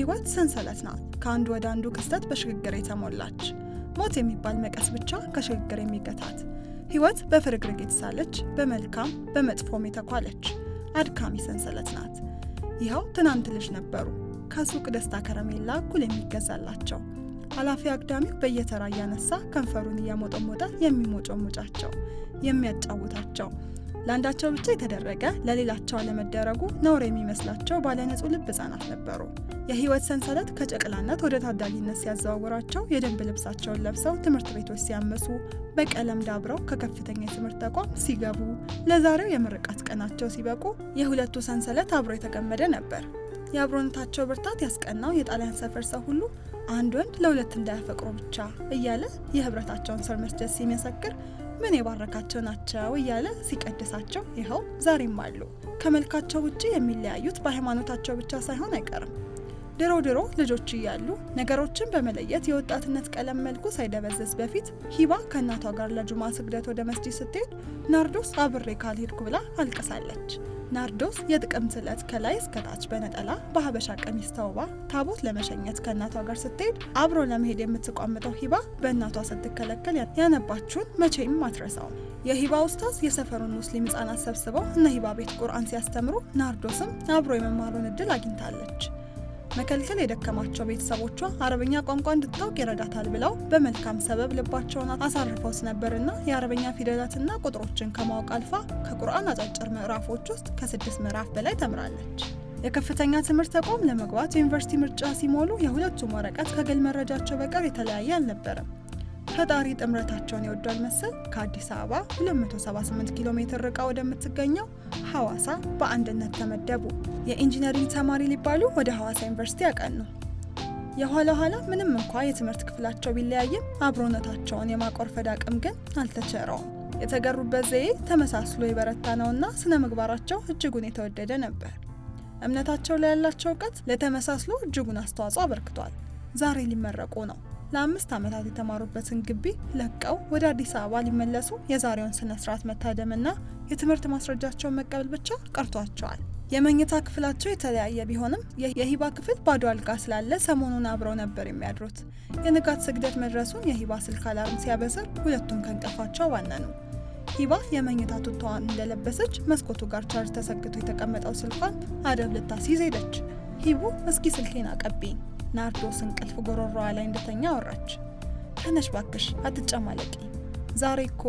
ህይወት ሰንሰለት ናት፣ ከአንዱ ወደ አንዱ ክስተት በሽግግር የተሞላች። ሞት የሚባል መቀስ ብቻ ከሽግግር የሚገታት። ህይወት በፍርግርግ የተሳለች፣ በመልካም በመጥፎም የተኳለች አድካሚ ሰንሰለት ናት። ይኸው ትናንት ልጅ ነበሩ ከሱቅ ደስታ ከረሜላ እኩል የሚገዛላቸው ኃላፊ አግዳሚው በየተራ እያነሳ ከንፈሩን እያሞጠሞጠ ሙጫቸው የሚያጫውታቸው ለአንዳቸው ብቻ የተደረገ ለሌላቸው አለመደረጉ ነውር የሚመስላቸው ባለ ልብ ህጻናት ነበሩ። የህይወት ሰንሰለት ከጨቅላነት ወደ ታዳጊነት ሲያዘዋውራቸው የደንብ ልብሳቸውን ለብሰው ትምህርት ቤቶች ሲያመሱ፣ በቀለም ዳብረው ከከፍተኛ የትምህርት ተቋም ሲገቡ፣ ለዛሬው የምርቃት ቀናቸው ሲበቁ የሁለቱ ሰንሰለት አብሮ የተገመደ ነበር። የአብሮነታቸው ብርታት ያስቀናው የጣሊያን ሰፈር ሰው ሁሉ አንድ ወንድ ለሁለት እንዳያፈቅሩ ብቻ እያለ የህብረታቸውን ስር መስደት ሲመሰክር ምን የባረካቸው ናቸው እያለ ሲቀድሳቸው ይኸው ዛሬም አሉ። ከመልካቸው ውጭ የሚለያዩት በሃይማኖታቸው ብቻ ሳይሆን አይቀርም። ድሮ ድሮ ልጆች እያሉ ነገሮችን በመለየት የወጣትነት ቀለም መልኩ ሳይደበዘዝ በፊት ሂባ ከእናቷ ጋር ለጁማ ስግደት ወደ መስጂድ ስትሄድ ናርዶስ አብሬ ካልሄድኩ ብላ አልቅሳለች። ናርዶስ የጥቅምት ዕለት ከላይ እስከታች በነጠላ በሀበሻ ቀሚስ ተውባ ታቦት ለመሸኘት ከእናቷ ጋር ስትሄድ አብሮ ለመሄድ የምትቋምጠው ሂባ በእናቷ ስትከለከል ያነባችሁን መቼም አትረሳውም። የሂባ ኡስታዝ የሰፈሩን ሙስሊም ህጻናት ሰብስበው እነ ሂባ ቤት ቁርአን ሲያስተምሩ ናርዶስም አብሮ የመማሩን እድል አግኝታለች። መከልከል የደከማቸው ቤተሰቦቿ አረበኛ ቋንቋ እንድታውቅ ይረዳታል ብለው በመልካም ሰበብ ልባቸውን አሳርፈውት ነበርና የአረበኛ ፊደላትና ቁጥሮችን ከማወቅ አልፋ ከቁርአን አጫጭር ምዕራፎች ውስጥ ከስድስት ምዕራፍ በላይ ተምራለች። የከፍተኛ ትምህርት ተቋም ለመግባት ዩኒቨርሲቲ ምርጫ ሲሞሉ የሁለቱም ወረቀት ከግል መረጃቸው በቀር የተለያየ አልነበረም። ፈጣሪ ጥምረታቸውን ይወዷል መሰል ከአዲስ አበባ 278 ኪሎ ሜትር ርቃ ወደምትገኘው ሐዋሳ በአንድነት ተመደቡ። የኢንጂነሪንግ ተማሪ ሊባሉ ወደ ሐዋሳ ዩኒቨርሲቲ ያቀኑ። የኋላ ኋላ ምንም እንኳ የትምህርት ክፍላቸው ቢለያይም አብሮነታቸውን የማቆርፈድ አቅም ግን አልተቸረውም። የተገሩበት ዘዬ ተመሳስሎ የበረታ ነውና ስነ ምግባራቸው እጅጉን የተወደደ ነበር። እምነታቸው ላይ ያላቸው እውቀት ለተመሳስሎ እጅጉን አስተዋጽኦ አበርክቷል። ዛሬ ሊመረቁ ነው። ለአምስት ዓመታት የተማሩበትን ግቢ ለቀው ወደ አዲስ አበባ ሊመለሱ የዛሬውን ስነ ስርዓት መታደምና የትምህርት ማስረጃቸውን መቀበል ብቻ ቀርቷቸዋል። የመኝታ ክፍላቸው የተለያየ ቢሆንም የሂባ ክፍል ባዶ አልጋ ስላለ ሰሞኑን አብረው ነበር የሚያድሩት። የንጋት ስግደት መድረሱን የሂባ ስልክ አላርም ሲያበስር ሁለቱም ከእንቅልፋቸው ባነኑ። ሂባ የመኝታ ቱታዋን እንደለበሰች መስኮቱ ጋር ቻርጅ ተሰክቶ የተቀመጠው ስልኳን አደብ ልታስይዝ ሄደች። ሂቡ እስኪ ስልኬን አቀብኝ ናርዶስ እንቅልፍ ጎሮሮዋ ላይ እንደተኛ አወራች። ተነሽ ባክሽ አትጨማለቂ፣ ዛሬ እኮ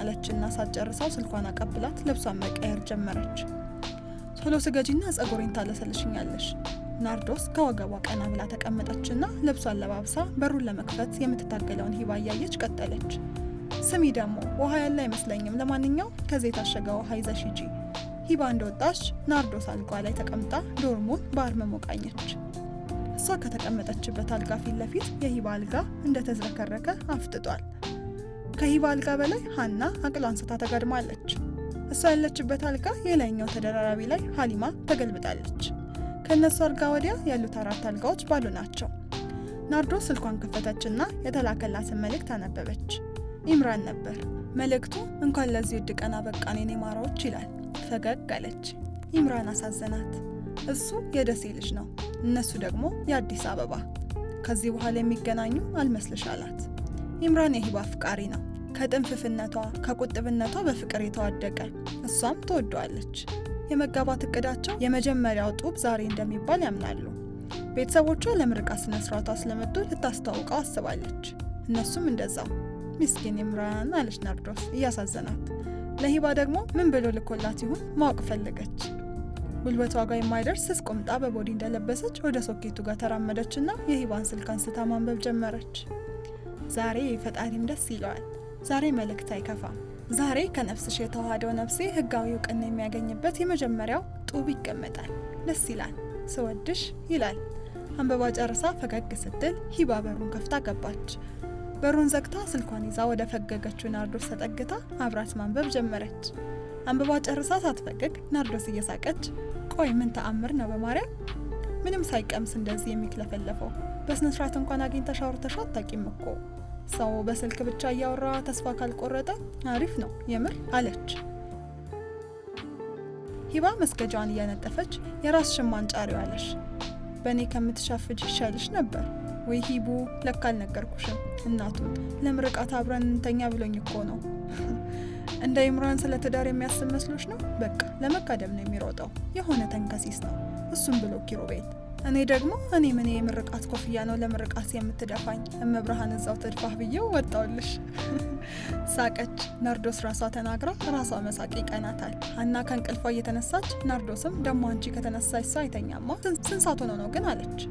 አለችና ሳትጨርሰው ስልኳን አቀብላት ልብሷን መቀየር ጀመረች። ቶሎ ስገጂና ጸጉሬን ታለሰልሽኛለሽ። ናርዶስ ከወገቧ ቀና ብላ ተቀመጠችና ልብሷን ለባብሳ በሩን ለመክፈት የምትታገለውን ሂባ እያየች ቀጠለች። ስሚ ደግሞ ውሃ ያለ አይመስለኝም። ለማንኛው ከዚህ የታሸገ ውሃ ይዘሽ ሂጂ። ሂባ እንደወጣች ናርዶስ አልጓ ላይ ተቀምጣ ዶርሙን በአርመሞ ቃኘች። እሷ ከተቀመጠችበት አልጋ ፊት ለፊት የሂባ አልጋ እንደተዝረከረከ አፍጥጧል። ከሂባ አልጋ በላይ ሀና አቅሏን አንስታ ተጋድማለች። እሷ ያለችበት አልጋ የላይኛው ተደራራቢ ላይ ሀሊማ ተገልብጣለች። ከእነሱ አልጋ ወዲያ ያሉት አራት አልጋዎች ባሉ ናቸው። ናርዶ ስልኳን ከፈተችና የተላከላትን መልእክት አነበበች። ኢምራን ነበር። መልእክቱ እንኳን ለዚህ ውድ ቀን አበቃን የኔ ማራዎች ይላል። ፈገግ አለች። ኢምራን አሳዘናት። እሱ የደሴ ልጅ ነው። እነሱ ደግሞ የአዲስ አበባ። ከዚህ በኋላ የሚገናኙ አልመስልሻላት። አላት። ኢምራን የሂባ አፍቃሪ ነው። ከጥንፍፍነቷ ከቁጥብነቷ በፍቅር የተዋደቀ እሷም ትወደዋለች። የመጋባት እቅዳቸው የመጀመሪያው ጡብ ዛሬ እንደሚባል ያምናሉ። ቤተሰቦቿ ለምርቃ ስነ ስርዓቷ ስለመጡ ልታስተዋውቀው አስባለች። እነሱም እንደዛው። ምስኪን ኢምራን አለች ናርዶስ እያሳዘናት። ለሂባ ደግሞ ምን ብሎ ልኮላት ይሁን ማወቅ ፈለገች። ጉልበቷ ጋር የማይደርስ ስስ ቁምጣ በቦዲ እንደለበሰች ወደ ሶኬቱ ጋር ተራመደች ና የሂባን ስልክ አንስታ ማንበብ ጀመረች። ዛሬ ፈጣሪም ደስ ይለዋል። ዛሬ መልእክት አይከፋም። ዛሬ ከነፍስሽ የተዋሃደው ነፍሴ ህጋዊ እውቅና የሚያገኝበት የመጀመሪያው ጡብ ይቀመጣል። ደስ ይላል፣ ስወድሽ ይላል። አንበባ ጨርሳ ፈገግ ስትል ሂባ በሩን ከፍታ ገባች። በሩን ዘግታ ስልኳን ይዛ ወደ ፈገገችው ናርዶስ ተጠግታ አብራት ማንበብ ጀመረች። አንብባ ጨርሳ ሳትፈቅቅ ናርዶስ እየሳቀች ቆይ ምን ተአምር ነው በማርያም ምንም ሳይቀምስ እንደዚህ የሚክለፈለፈው በስነ ስርዓት እንኳን አግኝተሽ አውርተሽ አታቂም እኮ ሰው በስልክ ብቻ እያወራ ተስፋ ካልቆረጠ አሪፍ ነው የምር አለች ሂባ መስገጃዋን እያነጠፈች የራስ ሽማን ማንጫ አለሽ በእኔ ከምትሻፍጅ ይሻልሽ ነበር ወይ ሂቡ ለካ አልነገርኩሽም እናቱን ለምርቃት አብረን እንተኛ ብሎኝ እኮ ነው እንደ ኢምራን ስለ ትዳር የሚያስብ መስሎች ነው? በቃ ለመቃደም ነው የሚሮጠው። የሆነ ተንከሲስ ነው። እሱም ብሎ ቤት እኔ ደግሞ እኔ ምን የምርቃት ኮፍያ ነው ለምርቃት የምትደፋኝ? እመብርሃን እዛው ትድፋህ ብዬው ወጣውልሽ። ሳቀች። ናርዶስ ራሷ ተናግራ ራሷ መሳቅ ይቀናታል። ሀና ከእንቅልፏ እየተነሳች ናርዶስም ደሞ አንቺ ከተነሳች ሰው አይተኛማ ስንሳት ሆኖ ነው ግን አለች።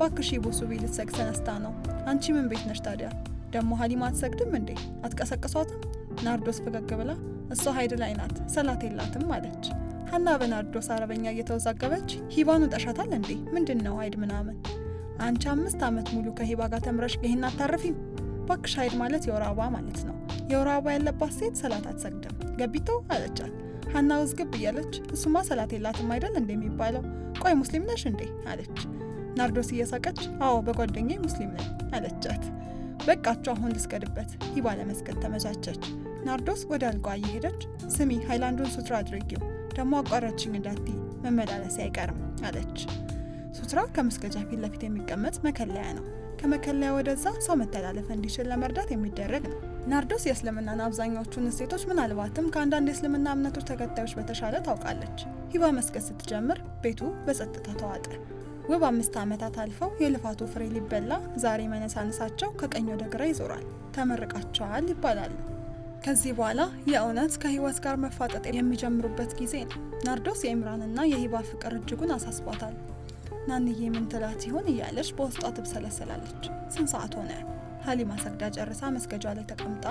ባክሽ ቦሱ ቤ ልትሰግ ተነስታ ነው። አንቺ ምን ቤት ነሽ ታዲያ? ደሞ ሀሊማ አትሰግድም እንዴ? አትቀሰቅሷትም? ናርዶስ ፈገግ ብላ እሷ ሀይድ ላይ ናት፣ ሰላት የላትም አለች። ሀና በናርዶስ አረበኛ እየተወዛገበች ሂባኑ ጠሻታል እንዴ? ምንድን ነው ሀይድ ምናምን? አንቺ አምስት ዓመት ሙሉ ከሂባ ጋር ተምረሽ ይህን አታርፊም? ባክሽ ሀይድ ማለት የወር አበባ ማለት ነው። የወር አበባ ያለባት ሴት ሰላት አትሰግድም ገቢቶ አለቻት። ሀና ውዝግብ እያለች እሱማ ሰላት የላትም አይደል እንዴ የሚባለው ቆይ ሙስሊም ነሽ እንዴ አለች ናርዶስ እየሳቀች አዎ በጓደኛ ሙስሊም ነኝ አለቻት በቃችሁ አሁን ልስገድበት ሂባ ለመስገድ ተመቻቸች። ናርዶስ ወደ አልጋ እየሄደች ስሚ ሃይላንዱን ሱትራ አድርጊው ደግሞ አቋራችኝ እንዳቲ መመላለስ አይቀርም አለች። ሱትራ ከመስገጃ ፊት ለፊት የሚቀመጥ መከለያ ነው። ከመከለያ ወደዛ ሰው መተላለፍ እንዲችል ለመርዳት የሚደረግ ነው። ናርዶስ የእስልምናን አብዛኛዎቹን እሴቶች ምናልባትም ከአንዳንድ የእስልምና እምነቶች ተከታዮች በተሻለ ታውቃለች። ሂባ መስገድ ስትጀምር ቤቱ በጸጥታ ተዋጠ። ውብ አምስት ዓመታት አልፈው የልፋቱ ፍሬ ሊበላ ዛሬ መነሳነሳቸው ከቀኝ ወደ ግራ ይዞራል። ተመርቃቸዋል ይባላሉ። ከዚህ በኋላ የእውነት ከህይወት ጋር መፋጠጥ የሚጀምሩበት ጊዜ ነው። ናርዶስ የኢምራንና የሂባ ፍቅር እጅጉን አሳስቧታል። ናንዬ ምን ትላት ይሆን እያለች በውስጧ ትብሰለሰላለች። ስንት ሰዓት ሆነ? ሀሊማ ሰግዳ ጨርሳ መስገጃ ላይ ተቀምጣ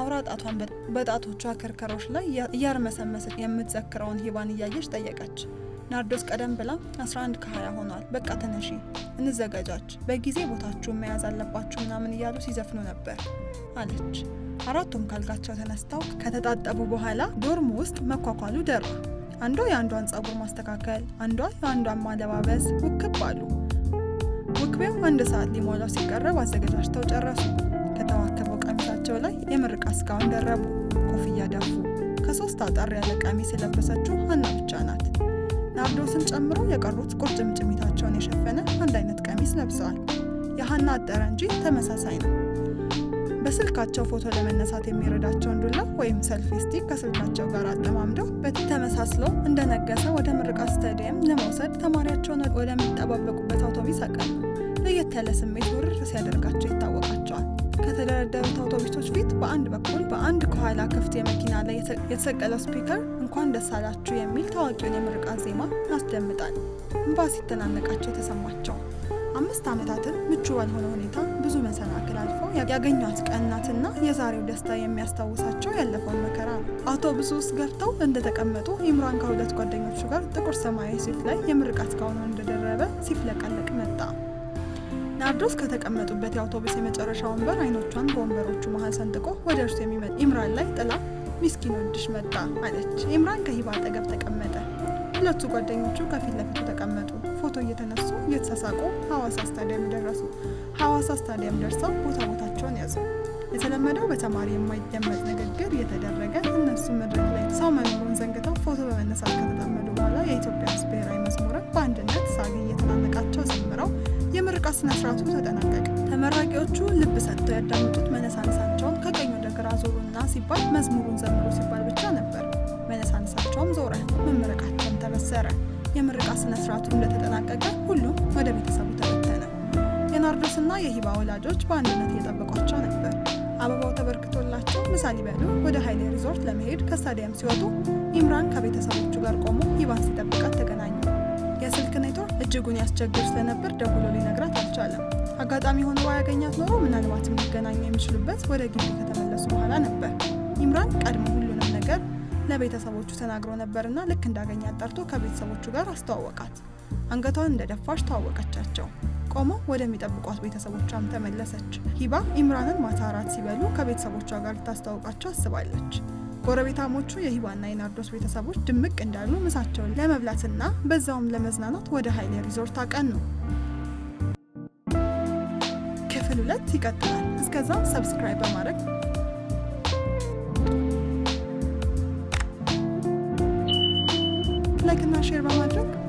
አውራ ጣቷን በጣቶቿ ክርከሮች ላይ እያርመሰመሰች የምትዘክረውን ሂባን እያየች ጠየቀች። ናርዶስ ቀደም ብላ 11 ከ20 ሆኗል፣ በቃ ተነሺ፣ እንዘጋጃች፣ በጊዜ ቦታችሁን መያዝ አለባችሁ ምናምን እያሉ ሲዘፍኑ ነበር አለች። አራቱም ካልጋቸው ተነስተው ከተጣጠቡ በኋላ ዶርም ውስጥ መኳኳሉ ደራ። አንዷ የአንዷን ጸጉር ማስተካከል፣ አንዷ የአንዷን ማለባበስ ውክብ አሉ። ውክቤው አንድ ሰዓት ሊሞላው ሲቀረብ አዘገጃጅተው ጨረሱ። ከተዋከበው ቀሚሳቸው ላይ የምርቃ ስጋውን ደረቡ፣ ኮፍያ ደፉ። ከሶስት አጠር ያለ ቀሚስ የለበሰችው ሀና ብቻ ናት። ናርዶስን ጨምሮ የቀሩት ቁርጭምጭሚታቸውን የሸፈነ አንድ አይነት ቀሚስ ለብሰዋል። የሀና አጠረ እንጂ ተመሳሳይ ነው። በስልካቸው ፎቶ ለመነሳት የሚረዳቸውን ዱላ ወይም ሰልፊ ስቲክ ከስልካቸው ጋር አጠማምደው በቲ እንደነገሰ ወደ ምርቃት ስታዲየም ለመውሰድ ተማሪያቸውን ወደሚጠባበቁበት አውቶቢስ አቀኑ። ለየት ያለ ስሜት ውርር ሲያደርጋቸው ይታወቃቸዋል። ከተደረደሩት አውቶቢሶች ፊት በአንድ በኩል በአንድ ከኋላ ክፍት የመኪና ላይ የተሰቀለው ስፒከር እንኳን ደስ አላችሁ የሚል ታዋቂውን የምርቃት ዜማ ያስደምጣል። እንባ ሲተናነቃቸው የተሰማቸው አምስት ዓመታትን ምቹ ባልሆነ ሁኔታ ብዙ መሰናክል አልፈው ያገኟት ቀናትና የዛሬው ደስታ የሚያስታውሳቸው ያለፈውን መከራ ነው። አውቶቡስ ውስጥ ገብተው እንደተቀመጡ ኢምራን ከሁለት ጓደኞቹ ጋር ጥቁር ሰማያዊ ሱፍ ላይ የምርቃት ጋውኑን እንደደረበ ሲፍለቀለቅ መጣ። ናርዶስ ከተቀመጡበት የአውቶቡስ የመጨረሻ ወንበር አይኖቿን በወንበሮቹ መሀል ሰንጥቆ ወደ እርሱ የሚመጣ ኢምራን ላይ ጥላ ሚስኪን ወንድሽ መጣ አለች። ኢምራን ከሂባ አጠገብ ተቀመጠ። ሁለቱ ጓደኞቹ ከፊት ለፊቱ ተቀመጡ። ፎቶ እየተነሱ እየተሳሳቁ ሀዋሳ ስታዲየም ደረሱ። ሀዋሳ ስታዲየም ደርሰው ቦታ ቦታቸውን ያዙ። የተለመደው በተማሪ የማይደመጥ ንግግር እየተደረገ እነሱ መድረክ ላይ ሰው መኖሩን ዘንግተው ፎቶ በመነሳት ከተጠመዱ በኋላ የኢትዮጵያ ሕዝብ ብሔራዊ መዝሙርን በአንድነት ሳግ እየተናነቃቸው ዘምረው የምርቃት ስነስርዓቱ ተጠናቀቀ። ተመራቂዎቹ ልብ ሰጥተው ያዳምጡት መነሳነሳቸውን ከቀኙ ግራ ዞሩና ሲባል መዝሙሩን ዘምሮ ሲባል ብቻ ነበር። መነሳነሳቸውም ዞረ፣ መመረቃቸውም ተበሰረ። የምርቃት ስነ ስርዓቱ እንደተጠናቀቀ ሁሉም ወደ ቤተሰቡ ተበተነ። የናርዶስና የሂባ ወላጆች በአንድነት እየጠበቋቸው ነበር። አበባው ተበርክቶላቸው ምሳ ሊበሉ ወደ ኃይሌ ሪዞርት ለመሄድ ከስታዲየም ሲወጡ ኢምራን ከቤተሰቦቹ ጋር ቆሞ ሂባን ሲጠብቃት ተገናኙ። የስልክ ኔትወርክ እጅጉን ያስቸግር ስለነበር ደውሎ ሊነግራት አልቻለም። አጋጣሚ ሆኖ ባያገኛት ኖሮ ምናልባትም ሊገናኙ የሚችሉበት ወደ ግቢ ከተመለሱ በኋላ ነበር። ኢምራን ቀድሞ ሁሉንም ነገር ለቤተሰቦቹ ተናግሮ ነበርና ልክ እንዳገኘ ጠርቶ ከቤተሰቦቹ ጋር አስተዋወቃት። አንገቷን እንደ ደፋች ተዋወቀቻቸው። ቆሞ ወደሚጠብቋት ቤተሰቦቿም ተመለሰች። ሂባ ኢምራንን ማታ እራት ሲበሉ ከቤተሰቦቿ ጋር ልታስተዋውቃቸው አስባለች። ጎረቤታሞቹ የሂባና የናርዶስ ቤተሰቦች ድምቅ እንዳሉ ምሳቸውን ለመብላትና በዛውም ለመዝናናት ወደ ሀይሌ ሪዞርት አቀኑ። ክፍል ሁለት ይቀጥላል። እስከዛም ሰብስክራይብ በማድረግ ላይክና ሼር በማድረግ